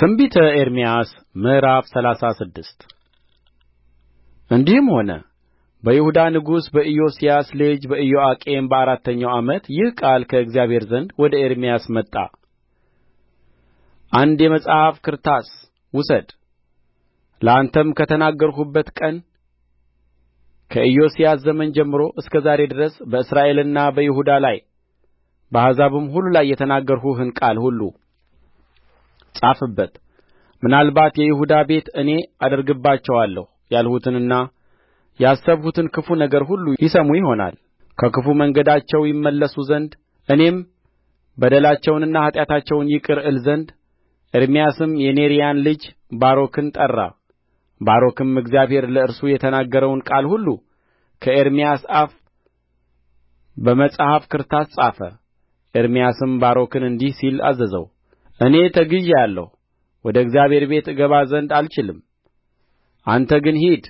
ትንቢተ ኤርምያስ ምዕራፍ ሰላሳ ስድስት እንዲህም ሆነ በይሁዳ ንጉሥ በኢዮስያስ ልጅ በኢዮአቄም በአራተኛው ዓመት ይህ ቃል ከእግዚአብሔር ዘንድ ወደ ኤርምያስ መጣ አንድ የመጽሐፍ ክርታስ ውሰድ ለአንተም ከተናገርሁበት ቀን ከኢዮስያስ ዘመን ጀምሮ እስከ ዛሬ ድረስ በእስራኤልና በይሁዳ ላይ በአሕዛብም ሁሉ ላይ የተናገርሁህን ቃል ሁሉ ጻፍበት ምናልባት የይሁዳ ቤት እኔ አደርግባቸዋለሁ ያልሁትንና ያሰብሁትን ክፉ ነገር ሁሉ ይሰሙ ይሆናል ከክፉ መንገዳቸው ይመለሱ ዘንድ እኔም በደላቸውንና ኃጢአታቸውን ይቅር እል ዘንድ ኤርምያስም የኔርያን ልጅ ባሮክን ጠራ ባሮክም እግዚአብሔር ለእርሱ የተናገረውን ቃል ሁሉ ከኤርምያስ አፍ በመጽሐፍ ክርታስ ጻፈ ኤርምያስም ባሮክን እንዲህ ሲል አዘዘው እኔ ተግዤአለሁ ወደ እግዚአብሔር ቤት እገባ ዘንድ አልችልም አንተ ግን ሂድ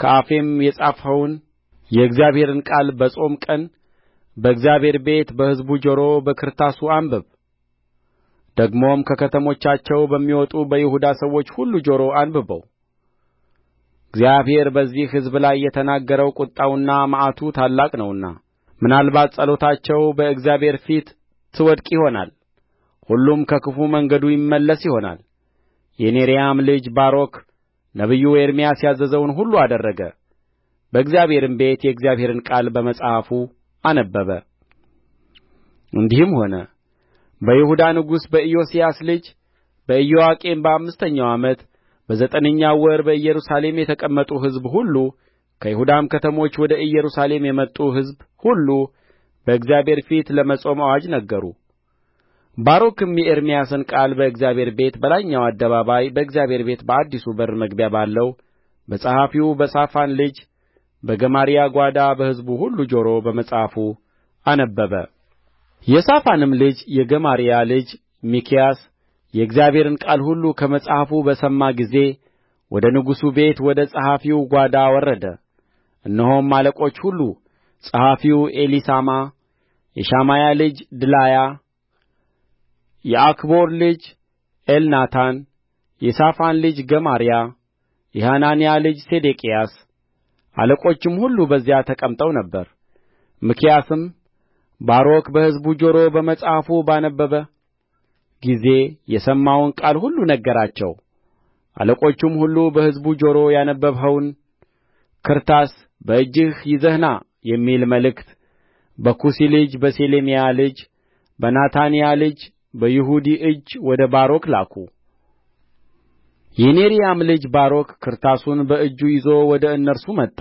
ከአፌም የጻፍኸውን የእግዚአብሔርን ቃል በጾም ቀን በእግዚአብሔር ቤት በሕዝቡ ጆሮ በክርታሱ አንብብ ደግሞም ከከተሞቻቸው በሚወጡ በይሁዳ ሰዎች ሁሉ ጆሮ አንብበው እግዚአብሔር በዚህ ሕዝብ ላይ የተናገረው ቍጣውና መዓቱ ታላቅ ነውና ምናልባት ጸሎታቸው በእግዚአብሔር ፊት ትወድቅ ይሆናል ሁሉም ከክፉ መንገዱ ይመለስ ይሆናል የኔርያም ልጅ ባሮክ ነቢዩ ኤርምያስ ያዘዘውን ሁሉ አደረገ በእግዚአብሔርም ቤት የእግዚአብሔርን ቃል በመጽሐፉ አነበበ እንዲህም ሆነ በይሁዳ ንጉሥ በኢዮስያስ ልጅ በኢዮአቄም በአምስተኛው ዓመት በዘጠነኛው ወር በኢየሩሳሌም የተቀመጡ ሕዝብ ሁሉ ከይሁዳም ከተሞች ወደ ኢየሩሳሌም የመጡ ሕዝብ ሁሉ በእግዚአብሔር ፊት ለመጾም አዋጅ ነገሩ ባሮክም የኤርምያስን ቃል በእግዚአብሔር ቤት በላይኛው አደባባይ በእግዚአብሔር ቤት በአዲሱ በር መግቢያ ባለው በጸሐፊው በሳፋን ልጅ በገማርያ ጓዳ በሕዝቡ ሁሉ ጆሮ በመጽሐፉ አነበበ የሳፋንም ልጅ የገማርያ ልጅ ሚክያስ የእግዚአብሔርን ቃል ሁሉ ከመጽሐፉ በሰማ ጊዜ ወደ ንጉሡ ቤት ወደ ጸሐፊው ጓዳ ወረደ እነሆም አለቆች ሁሉ ጸሐፊው ኤሊሳማ የሻማያ ልጅ ድላያ የዓክቦር ልጅ ኤልናታን የሳፋን ልጅ ገማርያ የሐናንያ ልጅ ሴዴቅያስ አለቆችም ሁሉ በዚያ ተቀምጠው ነበር ሚክያስም ባሮክ በሕዝቡ ጆሮ በመጽሐፉ ባነበበ ጊዜ የሰማውን ቃል ሁሉ ነገራቸው አለቆቹም ሁሉ በሕዝቡ ጆሮ ያነበብኸውን ክርታስ በእጅህ ይዘህ ና የሚል መልእክት በኩሲ ልጅ በሰሌምያ ልጅ በናታንያ ልጅ በይሁዲ እጅ ወደ ባሮክ ላኩ የኔርያም ልጅ ባሮክ ክርታሱን በእጁ ይዞ ወደ እነርሱ መጣ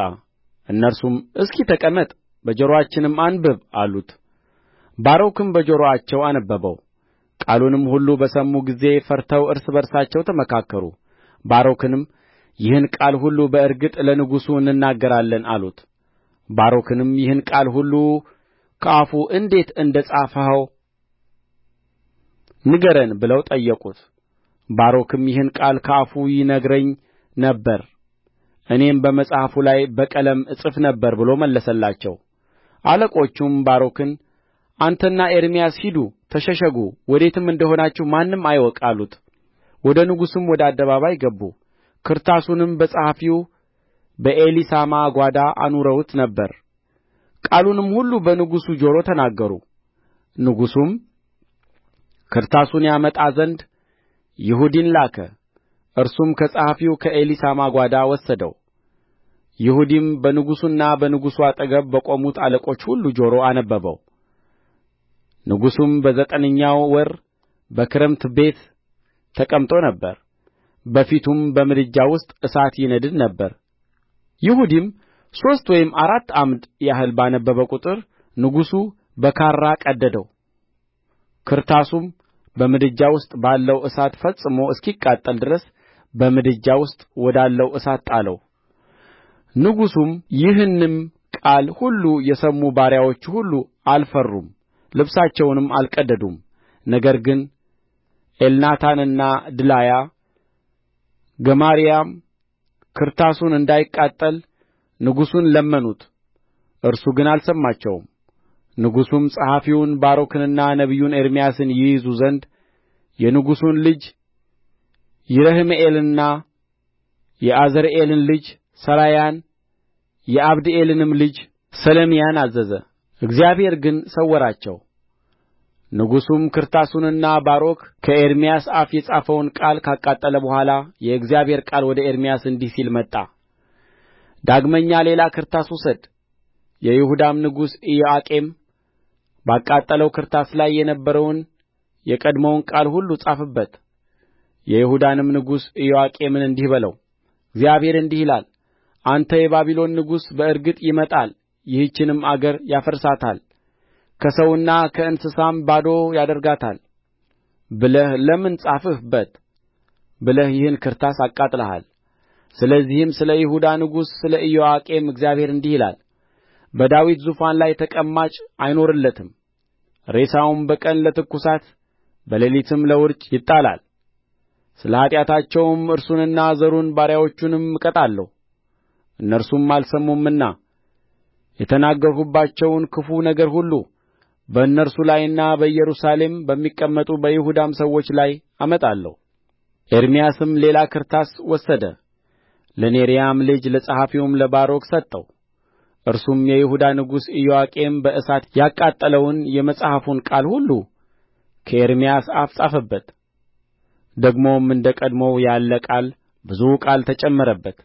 እነርሱም እስኪ ተቀመጥ በጆሮአችንም አንብብ አሉት ባሮክም በጆሮአቸው አነበበው ቃሉንም ሁሉ በሰሙ ጊዜ ፈርተው እርስ በርሳቸው ተመካከሩ ባሮክንም ይህን ቃል ሁሉ በእርግጥ ለንጉሡ እንናገራለን አሉት ባሮክንም ይህን ቃል ሁሉ ከአፉ እንዴት እንደ ጻፍኸው ንገረን ብለው ጠየቁት ባሮክም ይህን ቃል ከአፉ ይነግረኝ ነበር እኔም በመጽሐፉ ላይ በቀለም እጽፍ ነበር ብሎ መለሰላቸው አለቆቹም ባሮክን አንተና ኤርምያስ ሂዱ ተሸሸጉ ወዴትም እንደ ሆናችሁ ማንም አይወቅ አሉት ወደ ንጉሡም ወደ አደባባይ ገቡ ክርታሱንም በጸሐፊው በኤሊሳማ ጓዳ አኑረውት ነበር ቃሉንም ሁሉ በንጉሡ ጆሮ ተናገሩ ንጉሡም ክርታሱን ያመጣ ዘንድ ይሁዲን ላከ እርሱም ከጸሐፊው ከኤሊሳማ ጓዳ ወሰደው ይሁዲም በንጉሡና በንጉሡ አጠገብ በቆሙት አለቆች ሁሉ ጆሮ አነበበው ንጉሡም በዘጠነኛው ወር በክረምት ቤት ተቀምጦ ነበር በፊቱም በምድጃ ውስጥ እሳት ይነድድ ነበር ይሁዲም ሦስት ወይም አራት ዓምድ ያህል ባነበበ ቍጥር ንጉሡ በካራ ቀደደው ክርታሱም በምድጃ ውስጥ ባለው እሳት ፈጽሞ እስኪቃጠል ድረስ በምድጃ ውስጥ ወዳለው እሳት ጣለው ንጉሡም ይህንም ቃል ሁሉ የሰሙ ባሪያዎቹ ሁሉ አልፈሩም ልብሳቸውንም አልቀደዱም ነገር ግን ኤልናታንና ድላያ ገማርያም ክርታሱን እንዳይቃጠል ንጉሡን ለመኑት እርሱ ግን አልሰማቸውም ንጉሡም ጸሐፊውን ባሮክንና ነቢዩን ኤርምያስን ይይዙ ዘንድ የንጉሡን ልጅ ይረሕምኤልንና የዓዝሪኤልን ልጅ ሠራያን የዓብድኤልንም ልጅ ሰሌምያን አዘዘ እግዚአብሔር ግን ሰወራቸው ንጉሡም ክርታሱንና ባሮክ ከኤርምያስ አፍ የጻፈውን ቃል ካቃጠለ በኋላ የእግዚአብሔር ቃል ወደ ኤርምያስ እንዲህ ሲል መጣ ዳግመኛ ሌላ ክርታስ ውሰድ የይሁዳም ንጉሥ ኢዮአቄም ባቃጠለው ክርታስ ላይ የነበረውን የቀድሞውን ቃል ሁሉ ጻፍበት የይሁዳንም ንጉሥ ኢዮአቄምን እንዲህ በለው እግዚአብሔር እንዲህ ይላል አንተ የባቢሎን ንጉሥ በእርግጥ ይመጣል ይህችንም አገር ያፈርሳታል ከሰውና ከእንስሳም ባዶ ያደርጋታል ብለህ ለምን ጻፍህበት ብለህ ይህን ክርታስ አቃጥለሃል ስለዚህም ስለ ይሁዳ ንጉሥ ስለ ኢዮአቄም እግዚአብሔር እንዲህ ይላል በዳዊት ዙፋን ላይ ተቀማጭ አይኖርለትም ሬሳውም በቀን ለትኩሳት በሌሊትም ለውርጭ ይጣላል ስለ ኃጢአታቸውም እርሱንና ዘሩን ባሪያዎቹንም እቀጣለሁ እነርሱም አልሰሙምና የተናገርሁባቸውን ክፉ ነገር ሁሉ በእነርሱ ላይና በኢየሩሳሌም በሚቀመጡ በይሁዳም ሰዎች ላይ አመጣለሁ ኤርምያስም ሌላ ክርታስ ወሰደ ለኔርያም ልጅ ለጸሐፊውም ለባሮክ ሰጠው እርሱም የይሁዳ ንጉሥ ኢዮአቄም በእሳት ያቃጠለውን የመጽሐፉን ቃል ሁሉ ከኤርምያስ አፍ ጻፈበት ደግሞም እንደ ቀድሞው ያለ ቃል ብዙ ቃል ተጨመረበት